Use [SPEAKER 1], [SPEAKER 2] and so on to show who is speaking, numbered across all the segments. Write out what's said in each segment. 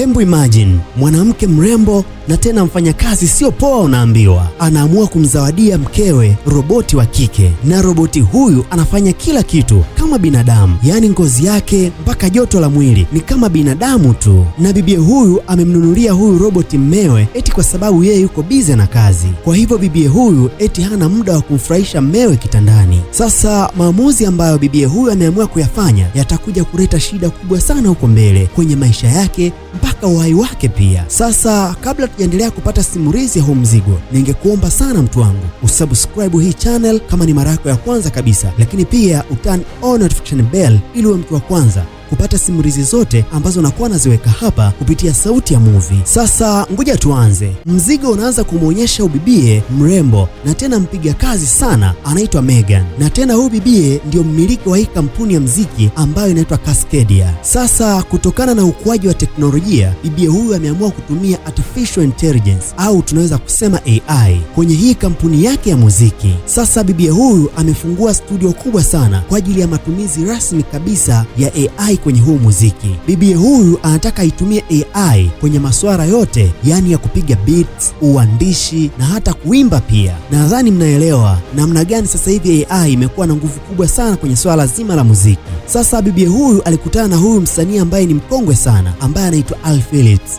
[SPEAKER 1] Hembu imagine mwanamke mrembo na tena mfanyakazi sio poa, unaambiwa anaamua kumzawadia mkewe roboti wa kike, na roboti huyu anafanya kila kitu kama binadamu, yaani ngozi yake mpaka joto la mwili ni kama binadamu tu. Na bibie huyu amemnunulia huyu roboti mmewe, eti kwa sababu yeye yuko bize na kazi. Kwa hivyo bibie huyu eti hana muda wa kumfurahisha mmewe kitandani. Sasa maamuzi ambayo bibie huyu ameamua kuyafanya yatakuja kuleta shida kubwa sana huko mbele kwenye maisha yake mpaka katika uhai wake pia. Sasa kabla tujaendelea kupata simulizi ya huu mzigo, ningekuomba sana mtu wangu usubscribe hii channel kama ni mara yako ya kwanza kabisa, lakini pia uturn on notification bell ili uwe mtu wa kwanza kupata simulizi zote ambazo nakuwa naziweka hapa kupitia Sauti ya Movie. Sasa ngoja tuanze. Mzigo unaanza kumwonyesha ubibie mrembo na tena mpiga kazi sana, anaitwa Megan, na tena huyu bibie ndio mmiliki wa hii kampuni ya mziki ambayo inaitwa Cascadia. Sasa kutokana na ukuaji wa teknolojia, bibie huyu ameamua kutumia artificial intelligence au tunaweza kusema AI kwenye hii kampuni yake ya muziki. Sasa bibie huyu amefungua studio kubwa sana kwa ajili ya matumizi rasmi kabisa ya AI kwenye huu muziki. Bibie huyu anataka itumie AI kwenye masuala yote, yaani ya kupiga beats, uandishi na hata kuimba pia. Nadhani mnaelewa namna gani sasa hivi AI imekuwa na nguvu kubwa sana kwenye swala zima la muziki. Sasa bibie huyu alikutana na huyu msanii ambaye ni mkongwe sana ambaye anaitwa Al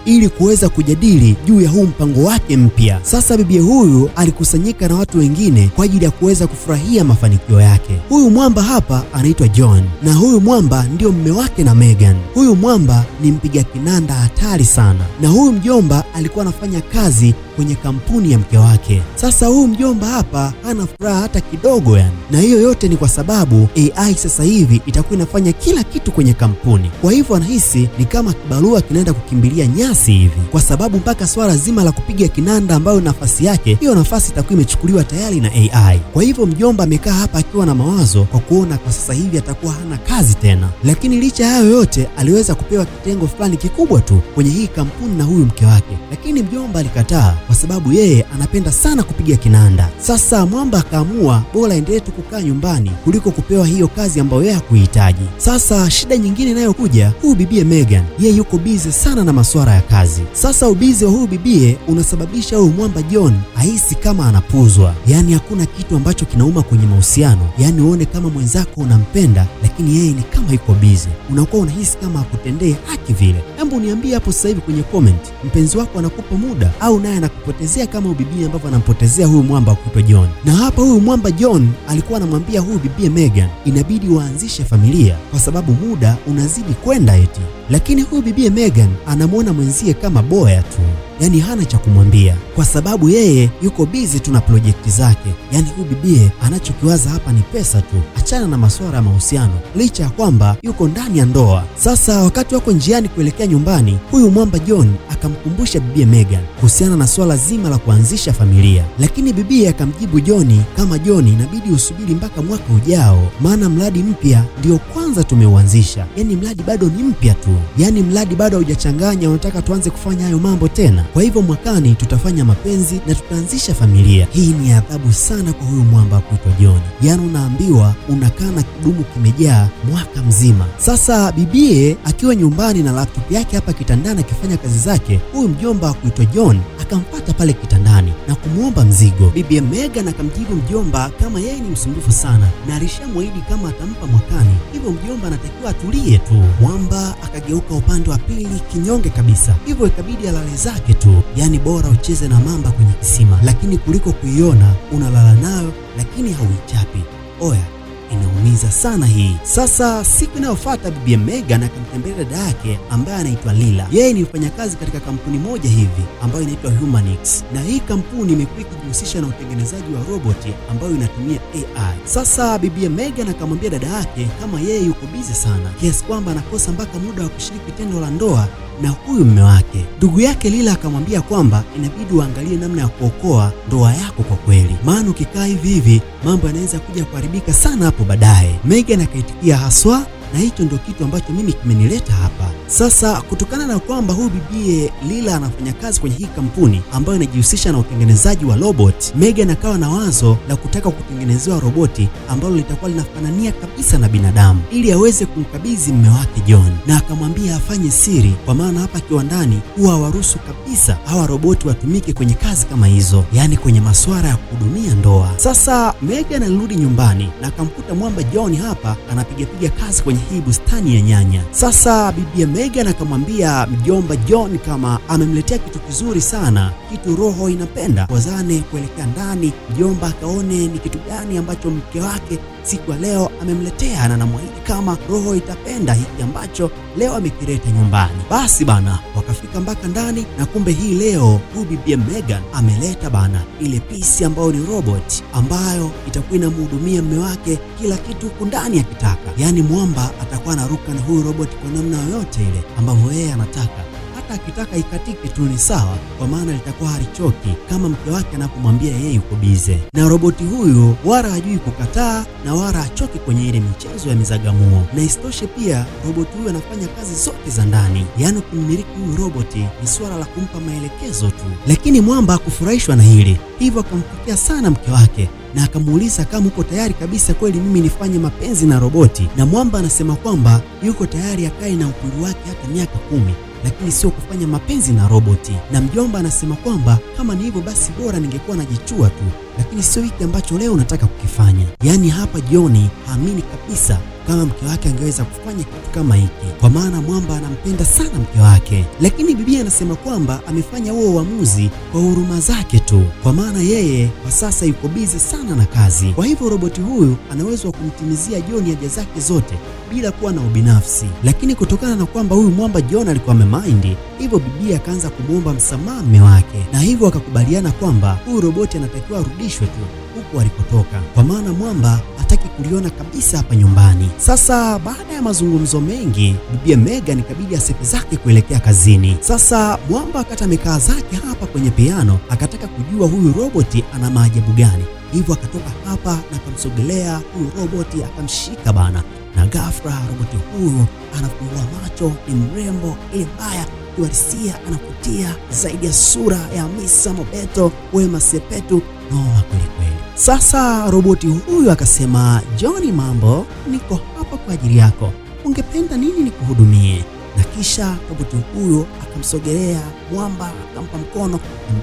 [SPEAKER 1] ili kuweza kujadili juu ya huu mpango wake mpya. Sasa bibie huyu alikusanyika na watu wengine kwa ajili ya kuweza kufurahia mafanikio yake. Huyu mwamba hapa anaitwa John na huyu mwamba ndio mme wake yake na Megan. Huyu mwamba ni mpiga kinanda hatari sana, na huyu mjomba alikuwa anafanya kazi kwenye kampuni ya mke wake. Sasa huu mjomba hapa hana furaha hata kidogo yani, na hiyo yote ni kwa sababu AI sasa hivi itakuwa inafanya kila kitu kwenye kampuni. Kwa hivyo anahisi ni kama kibarua kinaenda kukimbilia nyasi hivi, kwa sababu mpaka swala zima la kupiga kinanda, ambayo nafasi yake hiyo nafasi itakuwa imechukuliwa tayari na AI. Kwa hivyo mjomba amekaa hapa akiwa na mawazo kwa kuona kwa sasa hivi atakuwa hana kazi tena, lakini licha hayo yote aliweza kupewa kitengo fulani kikubwa tu kwenye hii kampuni na huyu mke wake, lakini mjomba alikataa kwa sababu yeye anapenda sana kupiga kinanda. Sasa Mwamba akaamua bora endelee tu kukaa nyumbani kuliko kupewa hiyo kazi ambayo yeye hakuhitaji. Sasa shida nyingine inayokuja, huyu bibie Megan yeye yuko bize sana na masuala ya kazi. Sasa ubizi wa huyu bibie unasababisha huyu Mwamba John ahisi kama anapuzwa, yaani hakuna kitu ambacho kinauma kwenye mahusiano, yaani uone kama mwenzako unampenda, lakini yeye ni kama yuko bize, unakuwa unahisi kama akutendee haki vile. Hebu niambie hapo sasa hivi kwenye comment, mpenzi wako anakupa muda au naye anakupotezea kama ubibi ambavyo anampotezea huyu mwamba kuitwa John? Na hapa huyu mwamba John alikuwa anamwambia huyu bibi Megan inabidi waanzishe familia kwa sababu muda unazidi kwenda eti, lakini huyu bibi Megan anamwona mwenzie kama boya tu yani hana cha kumwambia kwa sababu yeye yuko bizi tu na projekti zake. Yani huyu bibie anachokiwaza hapa ni pesa tu, achana na masuala ya mahusiano, licha ya kwamba yuko ndani ya ndoa. Sasa wakati wako njiani kuelekea nyumbani, huyu mwamba John akamkumbusha bibie Megan kuhusiana na swala zima la kuanzisha familia, lakini bibie akamjibu John kama John, inabidi usubiri mpaka mwaka ujao, maana mradi mpya ndio kwanza tumeuanzisha. Yani mradi bado ni mpya tu, yani mradi bado haujachanganya, unataka tuanze kufanya hayo mambo tena? Kwa hivyo mwakani tutafanya mapenzi na tutaanzisha familia. Hii ni adhabu sana kwa huyu mwamba kuitwa john Yaani unaambiwa unakaa na kidumu kimejaa mwaka mzima. Sasa bibie akiwa nyumbani na laptop yake hapa kitandani akifanya kazi zake, huyu mjomba kuitwa John akampata pale kitandani na kumwomba mzigo. Bibi Megan akamjibu mjomba kama yeye ni msumbufu sana na alishamwahidi kama atampa mwakani, hivyo mjomba anatakiwa atulie tu. Mwamba akageuka upande wa pili kinyonge kabisa, hivyo ikabidi alale zake yake tu, yaani bora ucheze na mamba kwenye kisima, lakini kuliko kuiona unalala nayo, lakini hauichapi. Oya, inaumiza sana hii. Sasa siku inayofuata bibi Megan akamtembelea dada yake ambaye anaitwa Lila. Yeye ni mfanyakazi katika kampuni moja hivi ambayo inaitwa Humanix, na hii kampuni imekuwa ikijihusisha na utengenezaji wa roboti ambayo inatumia AI. Sasa bibi Megan akamwambia dada yake kama yeye yuko bize sana kiasi kwamba anakosa mpaka muda wa kushiriki tendo la ndoa na huyu mume wake. Ndugu yake Lila akamwambia kwamba inabidi uangalie namna ya kuokoa ndoa yako kwa kweli, maana ukikaa hivi hivi mambo yanaweza kuja kuharibika sana hapo baadaye. Megan akaitikia haswa na hicho ndio kitu ambacho mimi kimenileta hapa. Sasa kutokana na kwamba huyu bibie Lila anafanya kazi kwenye hii kampuni ambayo inajihusisha na utengenezaji wa robot, Megan akawa na wazo la kutaka kutengenezewa roboti ambalo litakuwa linafanania kabisa na binadamu ili aweze kumkabidhi mume wake John, na akamwambia afanye siri, kwa maana hapa kiwandani huwa hawaruhusu kabisa hawa roboti watumike kwenye kazi kama hizo, yaani kwenye masuala ya kuhudumia ndoa. Sasa Megan alirudi nyumbani na akamkuta mwamba John hapa anapigapiga kazi kwenye hii bustani ya nyanya. Sasa bibi Megan akamwambia mjomba John kama amemletea kitu kizuri sana, kitu roho inapenda. Wazane kuelekea ndani, mjomba akaone ni kitu gani ambacho mke wake siku ya leo amemletea na namwahidi kama roho itapenda hiki ambacho leo amekileta nyumbani. Basi bana, wakafika mpaka ndani na kumbe hii leo bibi Megan ameleta bana ile pc ambayo ni robot ambayo itakuwa inamhudumia mume wake kila kitu huku ndani akitaka, yaani mwamba atakuwa anaruka na huyu robot kwa namna yoyote ile ambavyo yeye anataka hata akitaka ikatike tu ni sawa, kwa maana litakuwa halichoki kama mke wake anapomwambia yeye yuko bize. Na roboti huyo wala hajui kukataa na wala achoki kwenye ile michezo ya mizagamuo. Na isitoshe pia roboti huyo anafanya kazi zote za ndani, yaani kumiliki huyu roboti ni suala la kumpa maelekezo tu. Lakini mwamba hakufurahishwa na hili, hivyo akampokea sana mke wake na akamuuliza kama uko tayari kabisa kweli mimi nifanye mapenzi na roboti, na mwamba anasema kwamba yuko tayari akae na ukuru wake hata miaka kumi lakini sio kufanya mapenzi na roboti. Na mjomba anasema kwamba kama ni hivyo basi bora ningekuwa najichua tu, lakini sio hiki ambacho leo nataka kukifanya. Yaani hapa Joni haamini kabisa kama mke wake angeweza kufanya kitu kama hiki, kwa maana mwamba anampenda sana mke wake. Lakini Biblia anasema kwamba amefanya huo uamuzi kwa huruma zake tu, kwa maana yeye kwa sasa yuko bize sana na kazi. Kwa hivyo roboti huyu anaweza wa kumtimizia John haja zake zote bila kuwa na ubinafsi, lakini kutokana na kwamba huyu mwamba John alikuwa amemaindi, hivyo Biblia akaanza kumwomba msamaha mme wake, na hivyo akakubaliana kwamba huyu roboti anatakiwa arudishwe tu walikotoka, kwa maana mwamba hataki kuliona kabisa hapa nyumbani. Sasa baada ya mazungumzo mengi, bibi Megan ikabidi asepe zake kuelekea kazini. Sasa mwamba akata amekaa zake hapa kwenye piano, akataka kujua huyu roboti ana maajabu gani, hivyo akatoka hapa na akamsogelea huyu roboti akamshika bana, na ghafla roboti huyu anafungua macho. Ni mrembo ile mbaya kiwarisia, anakutia zaidi ya sura ya Hamisa Mobeto, Wema Sepetu, noma kwelikweli. Sasa roboti huyu akasema, John, mambo, niko hapa kwa ajili yako, ungependa nini nikuhudumie? Na kisha roboti huyo akamsogelea mwamba, akampa mkono.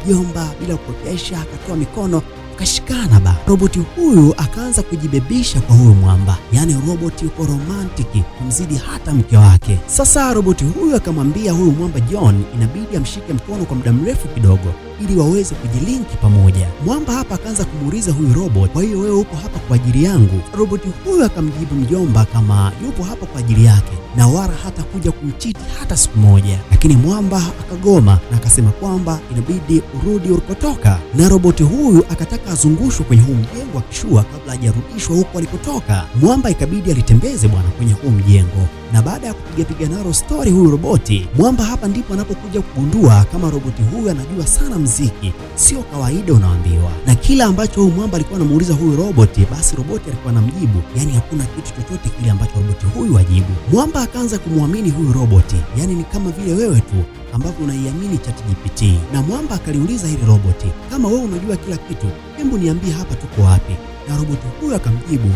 [SPEAKER 1] Mjomba bila kupotesha, akatoa mikono kashikana ba roboti huyu akaanza kujibebisha kwa huyu mwamba, yaani roboti yuko romantiki kumzidi hata mke wake. Sasa roboti huyu akamwambia huyu mwamba John, inabidi amshike mkono kwa muda mrefu kidogo, ili waweze kujilinki pamoja. Mwamba hapa akaanza kumuuliza huyu robot, kwa hiyo wewe upo hapa kwa ajili yangu? Robot huyu akamjibu mjomba kama yupo hapa kwa ajili yake na wala hata kuja kumchiti hata siku moja, lakini mwamba akagoma na akasema kwamba inabidi urudi ulikotoka, na roboti huyu akataka azungushwe kwenye huu mjengo akishua kabla hajarudishwa huko alikotoka. Mwamba ikabidi alitembeze bwana kwenye huu mjengo na baada ya kupigapiga naro stori huyu roboti mwamba, hapa ndipo anapokuja kugundua kama roboti huyu anajua sana mziki, sio kawaida unaambiwa. Na kila ambacho huyu mwamba alikuwa anamuuliza huyu roboti, basi roboti alikuwa anamjibu, yani hakuna kitu chochote kile ambacho roboti huyu ajibu. Mwamba akaanza kumwamini huyu roboti, yani ni kama vile wewe tu ambavyo unaiamini ChatGPT. Na mwamba akaliuliza hili roboti, kama wewe unajua kila kitu, hebu niambie hapa tuko wapi? Na roboti huyu akamjibu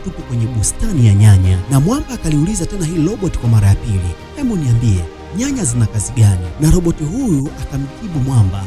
[SPEAKER 1] tupo kwenye bustani ya nyanya, na mwamba akaliuliza tena hili roboti kwa mara ya pili, hebu niambie nyanya zina kazi gani? Na roboti huyu akamjibu mwamba,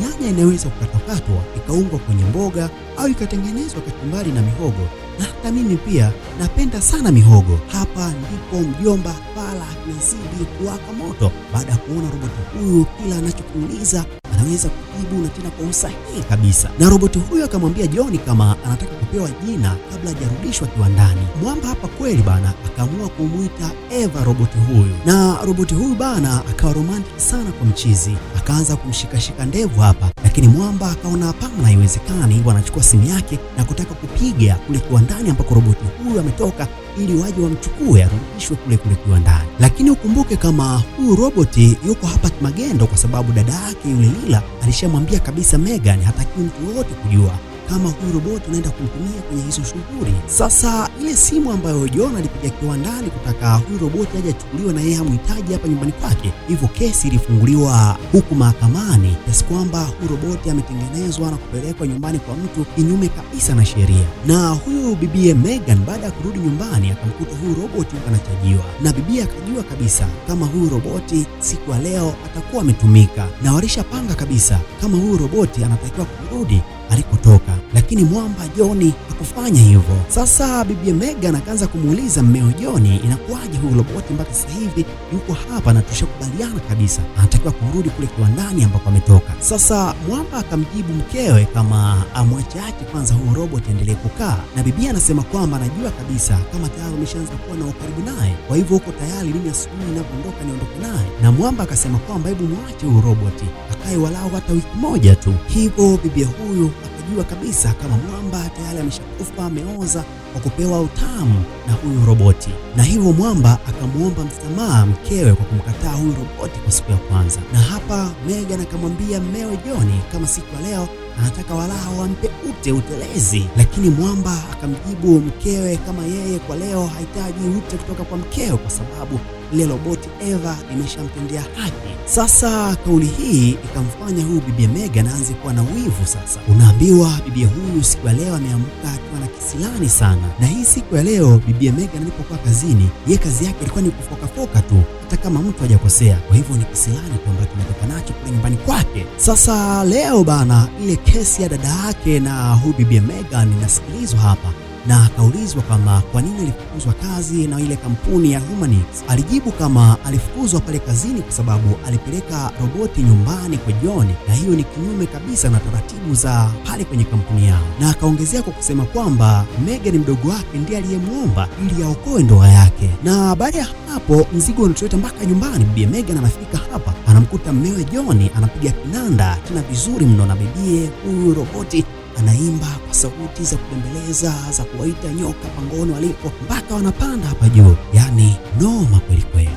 [SPEAKER 1] nyanya inaweza kukatwakatwa ikaungwa kwenye mboga au ikatengenezwa kachumbari na mihogo, na hata mimi pia napenda sana mihogo. Hapa ndipo mjomba Fala akizidi kuwaka moto baada ya kuona roboti huyu kila anachokiuliza anaweza kujibu na tena kwa usahihi kabisa. Na roboti huyo akamwambia John kama anataka kupewa jina kabla hajarudishwa kiwandani. Mwamba hapa kweli bana akaamua kumwita Eva roboti huyu, na roboti huyu bana akawa romantic sana kwa mchizi, akaanza kumshikashika ndevu hapa lakini mwamba akaona hapana, haiwezekani, Wanachukua anachukua simu yake na kutaka kupiga kule kiwandani ambako roboti huyu ametoka ili waje wamchukue arudishwe kule kule kiwandani. Lakini ukumbuke kama huyu roboti yuko hapa kimagendo, kwa sababu dada yake yule Lila alishamwambia kabisa Megan hatakiwi mtu yoyote kujua kama huyu roboti unaenda kumtumia kwenye hizo shughuli. Sasa ile simu ambayo John alipiga kiwandani kutaka huyu roboti aje achukuliwe na yeye amhitaji hapa nyumbani kwake, hivyo kesi ilifunguliwa huku mahakamani kiasi kwamba huyu roboti ametengenezwa na kupelekwa nyumbani kwa mtu kinyume kabisa na sheria. Na huyu bibie Megan baada ya kurudi nyumbani akamkuta huyu roboti anachajiwa, na bibie akajua kabisa kama huyu roboti siku ya leo atakuwa ametumika, na walishapanga kabisa kama huyu roboti anatakiwa kurudi alikotoka lakini mwamba Joni hakufanya hivyo. Sasa bibi Megan akaanza kumuuliza mmeo Joni, inakuwaje huyu Roboti mpaka sasa hivi yuko hapa na tushakubaliana kabisa anatakiwa kurudi kule kiwandani ambapo ametoka. Sasa mwamba akamjibu mkewe kama amwachaje kwanza huyu Roboti aendelee kukaa, na bibi anasema kwamba anajua kabisa kama tayari umeshaanza kuwa na ukaribu naye, kwa hivyo uko tayari mimi asubuhi ninapoondoka niondoke naye. Na mwamba akasema kwamba hebu mwache huyu Roboti akae walau hata wiki moja tu, hivyo bibi huyu anajua kabisa kama mwamba tayari ameshakufa ameoza kwa kupewa utamu na huyu roboti, na hivyo mwamba akamwomba msamaha mkewe kwa kumkataa huyu roboti kwa siku ya kwanza. Na hapa Megan akamwambia mmewe John kama siku ya leo anataka walao wampe ute utelezi, lakini mwamba akamjibu mkewe kama yeye kwa leo hahitaji ute kutoka kwa mkewe kwa sababu lile roboti Eva imeshamtendea haki. Sasa kauli hii ikamfanya huyu bibi mega naanze kuwa na wivu. Sasa unaambiwa bibi huyu siku ya leo ameamka akiwa na kisilani sana, na hii siku ya leo bibi mega alipokuwa kazini, ye kazi yake ilikuwa ni kufokafoka tu hata kama mtu hajakosea. Kwa hivyo ni kisilani kwamba kinatoka nacho kule nyumbani kwake. Sasa leo bana, ile kesi ya dada yake na huyu bibi Megan inasikilizwa hapa na akaulizwa kama kwa nini alifukuzwa kazi na ile kampuni ya Humanix. Alijibu kama alifukuzwa pale kazini kwa sababu alipeleka roboti nyumbani kwa John, na hiyo ni kinyume kabisa na taratibu za pale kwenye kampuni yao, na akaongezea kwa kusema kwamba Megan mdogo wake ndiye aliyemwomba ili aokoe ndoa yake. Na baada ya hapo mzigo unatoleta mpaka nyumbani. Bibi Megan anafika hapa, anamkuta mmewe John anapiga kinanda tena vizuri mno na bibie huyu roboti anaimba kwa sauti za kubembeleza za kuwaita nyoka pangoni walipo mpaka wanapanda hapa juu, yaani noma kwelikweli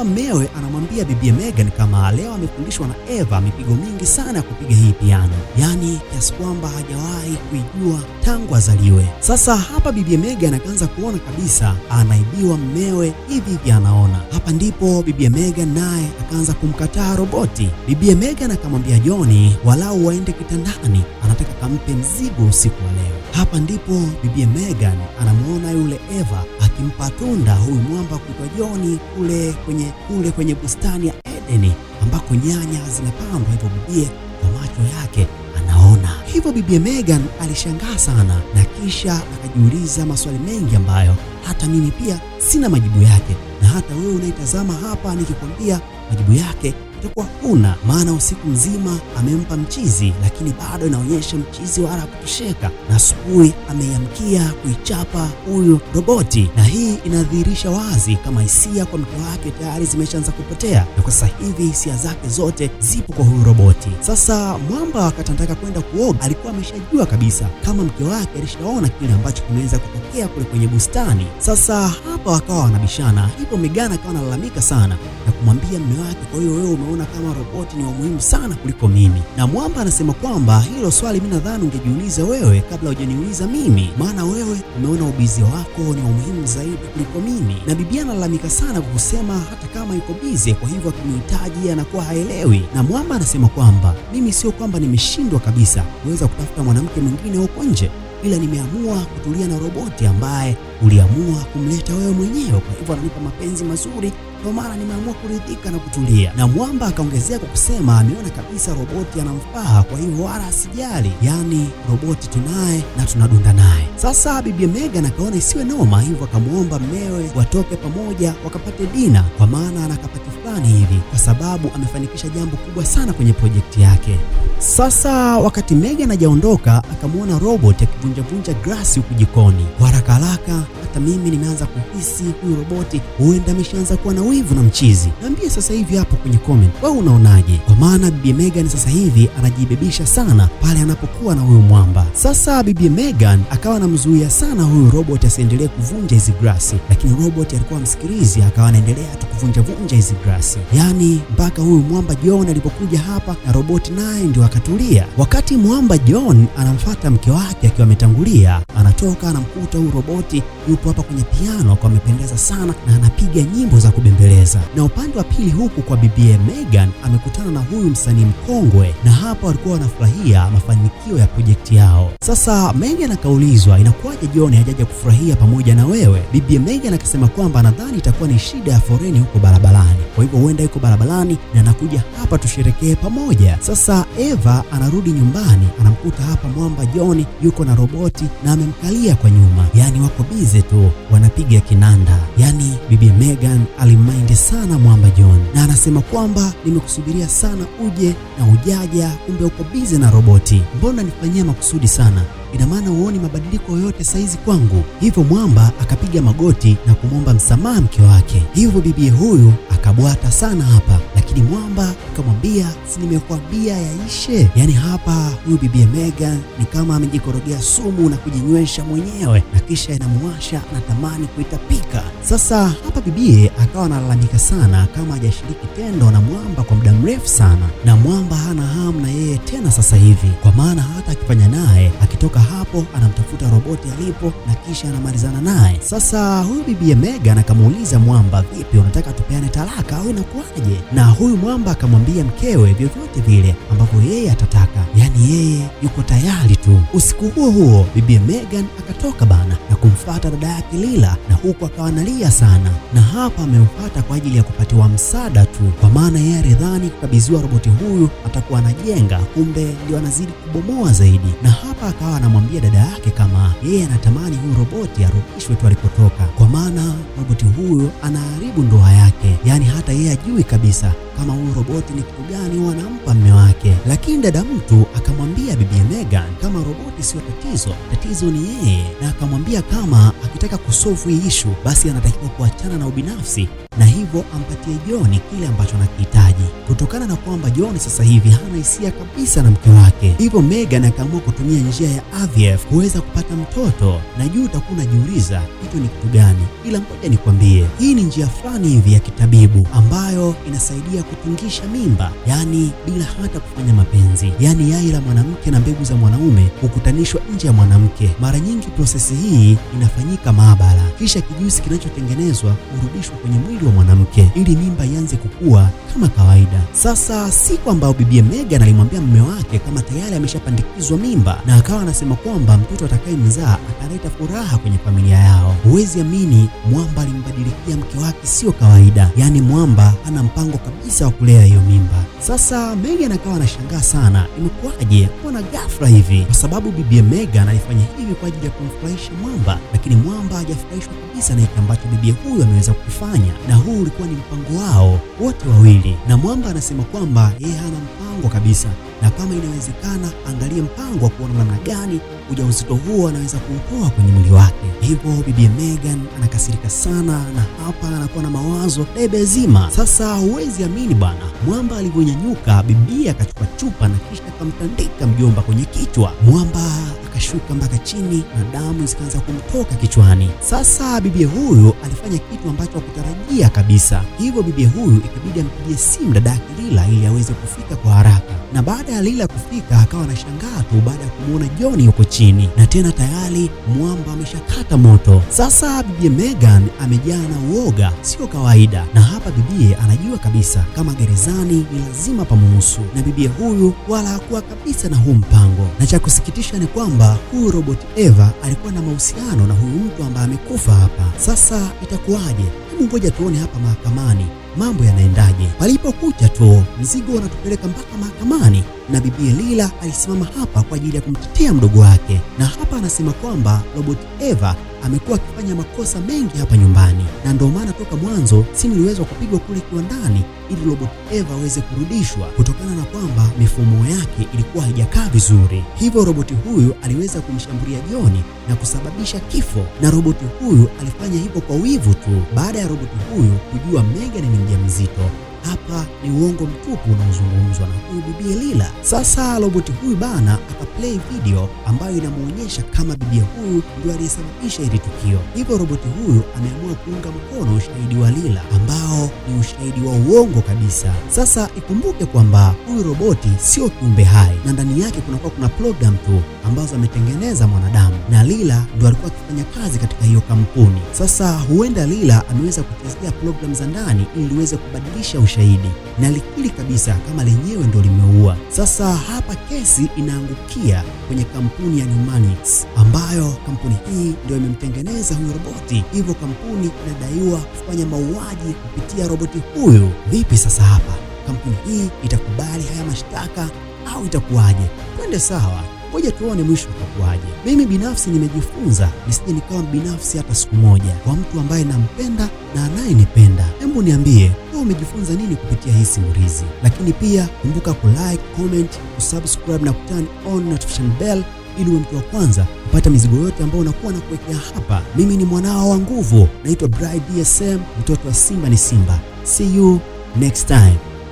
[SPEAKER 1] hapa mmewe anamwambia bibi Megan kama leo amefundishwa na Eva mipigo mingi sana ya kupiga hii piano, yaani kiasi kwamba hajawahi kuijua tangu azaliwe. Sasa hapa bibi Megan akaanza kuona kabisa anaibiwa mmewe hivi hivi, anaona hapa ndipo bibi Megan naye akaanza kumkataa roboti. bibi Megan akamwambia Joni walau waende kitandani, anataka kampe mzigo usiku wa leo. Hapa ndipo bibie Megan anamwona yule Eva akimpa tunda huyu mwamba kuitwa Joni kule kwenye kule kwenye bustani ya Edeni ambako nyanya zimepandwa, hivyo bibie kwa macho yake anaona hivyo. Bibie Megan alishangaa sana na kisha akajiuliza maswali mengi ambayo hata mimi pia sina majibu yake, na hata wewe unaitazama hapa nikikwambia majibu yake tulikuwa kuna maana, usiku mzima amempa mchizi, lakini bado inaonyesha mchizi wala kutosheka, na asubuhi ameiamkia kuichapa huyu roboti, na hii inadhihirisha wazi kama hisia kwa mke wake tayari zimeshaanza kupotea, na kwa sasa hivi hisia zake zote zipo kwa huyu roboti. Sasa Mwamba wakati anataka kwenda kuoga, alikuwa ameshajua kabisa kama mke wake alishaona kile ambacho kimeweza kuelekea kule kwenye bustani. Sasa hapa wakawa wanabishana, hivyo Megan akawa analalamika sana na kumwambia mme wake, kwa hiyo wewe umeona kama roboti ni wa muhimu sana kuliko mimi. Na Mwamba anasema kwamba hilo swali mimi nadhani ungejiuliza wewe kabla hujaniuliza mimi, maana wewe umeona ubizi wako ni wa muhimu zaidi kuliko mimi. Na bibi analalamika sana kwa kusema hata kama iko bize, kwa hivyo akimhitaji anakuwa haelewi. Na Mwamba anasema kwamba mimi sio kwamba nimeshindwa kabisa kuweza kutafuta mwanamke mwingine huko nje ila nimeamua kutulia na roboti ambaye uliamua kumleta wewe mwenyewe, kwa hivyo ananipa mapenzi mazuri, ndio maana nimeamua kuridhika na kutulia. Na mwamba akaongezea kwa kusema ameona kabisa roboti anamfaa, kwa hivyo wala asijali, yaani roboti tunaye na tunadunda naye. Sasa bibi Megan akaona isiwe noma, hivyo akamwomba mmewe watoke pamoja wakapate dina, kwa maana anakapati fulani hivi, kwa sababu amefanikisha jambo kubwa sana kwenye projekti yake. Sasa wakati Megan hajaondoka akamwona robot akivunjavunja glasi huku jikoni. Kwa haraka haraka, hata mimi nimeanza kuhisi huyu roboti huenda ameshaanza kuwa na wivu na mchizi. Niambie sasa hivi hapo kwenye comment, wewe unaonaje? Kwa maana bibi Megan sasa hivi anajibebisha sana pale anapokuwa na huyu mwamba. Sasa bibi Megan akawa anamzuia sana huyu robot asiendelee kuvunja hizi glasi, lakini robot alikuwa amsikilizi, akawa anaendelea tu kuvunjavunja hizi glasi, yaani mpaka huyu mwamba John alipokuja hapa na roboti naye ndio akatulia. Wakati mwamba John anamfata mke wake akiwa ametangulia, anatoka anamkuta huyu roboti yupo hapa kwenye piano akiwa amependeza sana na anapiga nyimbo za kubembeleza. Na upande wa pili huku kwa bibie Megan amekutana na huyu msanii mkongwe, na hapa walikuwa wanafurahia mafanikio ya projekti yao. Sasa Megan akaulizwa inakuwaje John hajaja kufurahia pamoja na wewe? Bibie Megan akasema kwamba nadhani itakuwa ni shida ya foreni huko barabarani, kwa hivyo huenda yuko barabarani na anakuja hapa tusherekee pamoja. Sasa Eva Eva anarudi nyumbani, anamkuta hapa mwamba John yuko na roboti na amemkalia kwa nyuma, yaani wako bize tu wanapiga kinanda. Yaani bibi Megan alimmaindi sana mwamba John na anasema kwamba nimekusubiria sana uje na ujaja, kumbe uko bize na roboti, mbona nifanyia makusudi sana ina maana huoni mabadiliko yoyote saizi kwangu? Hivyo mwamba akapiga magoti na kumwomba msamaha mke wake. Hivyo bibi huyu akabwata sana hapa lakini mwamba akamwambia, si nimekuambia yaishe? Yaani hapa huyu bibi Mega ni kama amejikorogea sumu na kujinywesha mwenyewe na kisha inamwasha, anatamani kuitapika. Sasa hapa mpaka bibie akawa analalamika sana kama hajashiriki tendo na Mwamba kwa muda mrefu sana, na Mwamba hana hamu na yeye tena sasa hivi, kwa maana hata akifanya naye akitoka hapo anamtafuta roboti alipo na kisha anamalizana naye. Sasa huyu bibie Megan akamuuliza Mwamba, vipi, unataka tupeane talaka au inakuwaje? Na huyu Mwamba akamwambia mkewe vyovyote vile ambavyo yeye atataka, yaani yeye yuko tayari tu. Usiku huo huo bibie Megan akatoka bana na kumfuata dada yake Lila, na huku akawa analia sana na hapa ameupata kwa ajili ya kupatiwa msaada tu, kwa maana yeye alidhani kukabidhiwa roboti huyu atakuwa anajenga, kumbe ndio anazidi kubomoa zaidi. Na hapa akawa anamwambia dada yake kama yeye anatamani huyu roboti arudishwe tu alipotoka, kwa maana roboti huyu anaharibu ndoa yake, yaani hata yeye ajui kabisa kama huyu roboti ni kitu gani huwa anampa mme wake, lakini dada mtu akamwambia bibi Megan kama roboti sio tatizo, tatizo ni yeye, na akamwambia kama akitaka kusolve hii ishu basi anatakiwa kuachana na ubinafsi na hivyo ampatie John kile ambacho anakihitaji, kutokana na kwamba John sasa hivi hana hisia kabisa na mke wake. Hivyo Megan akaamua kutumia njia ya IVF kuweza kupata mtoto, na juu utakuwa unajiuliza kitu ni kitu gani, ila ngoja nikwambie, hii ni njia fulani hivi ya kitabibu ambayo inasaidia kutungisha mimba, yaani bila hata kufanya mapenzi, yaani yai la mwanamke na mbegu za mwanaume hukutanishwa nje ya mwanamke. Mara nyingi prosesi hii inafanyika maabara, kisha kijusi kinachotengenezwa hurudishwa kwenye mwili wa mwanamke ili mimba ianze kukua kama kawaida. Sasa siku ambayo Bibi Megan alimwambia mume wake kama tayari ameshapandikizwa mimba na akawa anasema kwamba mtoto atakayemzaa ataleta furaha kwenye familia yao, huwezi amini, Mwamba alimbadilikia mke wake sio kawaida, yaani Mwamba ana mpango kabisa kabisa wa kulea hiyo mimba. Sasa Megan akawa anashangaa sana, imekuwaje mbona ghafla hivi? Kwa sababu bibi Megan alifanya hivi kwa ajili ya kumfurahisha Mwamba, lakini Mwamba hajafurahishwa kabisa na kile ambacho bibi huyu ameweza kufanya, na huu ulikuwa ni mpango wao wote wawili, na Mwamba anasema kwamba yeye hana mpango kabisa, na kama inawezekana angalie mpango wa kuona namna gani ujauzito huo anaweza kuutoa kwenye mwili wake. Hivyo bibi Megan anakasirika sana na hapa anakuwa na mawazo debe zima. Sasa huwezi amini bwana, mwamba alivyonyanyuka, bibia akachukua chupa na kisha akamtandika mjomba kwenye kichwa. Mwamba akashuka mpaka chini na damu zikaanza kumtoka kichwani. Sasa bibia huyu alifanya kitu ambacho hakutarajia kabisa, hivyo bibia huyu ikabidi ampigie simu dadake Lila ili aweze kufika kwa haraka, na baada ya Lila kufika akawa anashangaa tu baada ya kumwona Johnny yuko chini na tena tayari mwamba ameshakata moto. Sasa bibie Megan amejaa na uoga sio kawaida, na hapa bibie anajua kabisa kama gerezani ni lazima pamuhusu, na bibie huyu wala hakuwa kabisa na huu mpango, na cha kusikitisha ni kwamba huyu Robot Eva alikuwa na mahusiano na huyu mtu ambaye amekufa hapa. Sasa itakuwaje? Hebu ngoja tuone hapa mahakamani mambo yanaendaje? palipokucha tu mzigo wanatupeleka mpaka mahakamani, na bibi Lila alisimama hapa kwa ajili ya kumtetea mdogo wake, na hapa anasema kwamba Robert Eva amekuwa akifanya makosa mengi hapa nyumbani, na ndio maana toka mwanzo simu iliweza kupigwa kule kiwandani ili robot Eva aweze kurudishwa, kutokana na kwamba mifumo yake ilikuwa haijakaa vizuri. Hivyo roboti huyu aliweza kumshambulia Joni na kusababisha kifo, na roboti huyu alifanya hivyo kwa wivu tu, baada ya roboti huyu kujua Megan ni mjamzito hapa ni uongo mkubwa unaozungumzwa na huyu Bibi Lila. Sasa roboti huyu bana akaplay video ambayo inamwonyesha kama bibia huyu ndio aliyesababisha hili tukio, hivyo roboti huyu ameamua kuunga mkono ushahidi wa Lila ambao ni ushahidi wa uongo kabisa. Sasa ikumbuke kwamba huyu roboti sio kiumbe hai na ndani yake kunakuwa kuna program tu ambazo ametengeneza mwanadamu, na Lila ndo alikuwa akifanya kazi katika hiyo kampuni. Sasa huenda Lila ameweza kuchezea programu za ndani ili liweze kubadilisha ushahidi na likili kabisa kama lenyewe ndo limeua. Sasa hapa kesi inaangukia kwenye kampuni ya Numanix, ambayo kampuni hii ndio imemtengeneza huyu roboti, hivyo kampuni inadaiwa kufanya mauaji kupitia roboti huyu. Vipi sasa hapa kampuni hii itakubali haya mashtaka au itakuwaje? Twende sawa. Ngoja tuone mwisho utakuwaje. Mimi binafsi nimejifunza nisije nikawa binafsi hata siku moja kwa mtu ambaye nampenda na anayenipenda. Hebu niambie umejifunza nini kupitia hii simulizi, lakini pia kumbuka kulike, comment, kusubscribe na kuturn on notification bell ili uwe mtu wa kwanza kupata mizigo yote ambayo unakuwa na kuwekea hapa. Mimi ni mwanao wa nguvu, naitwa Bry DSM, mtoto wa Simba ni Simba. See you next time.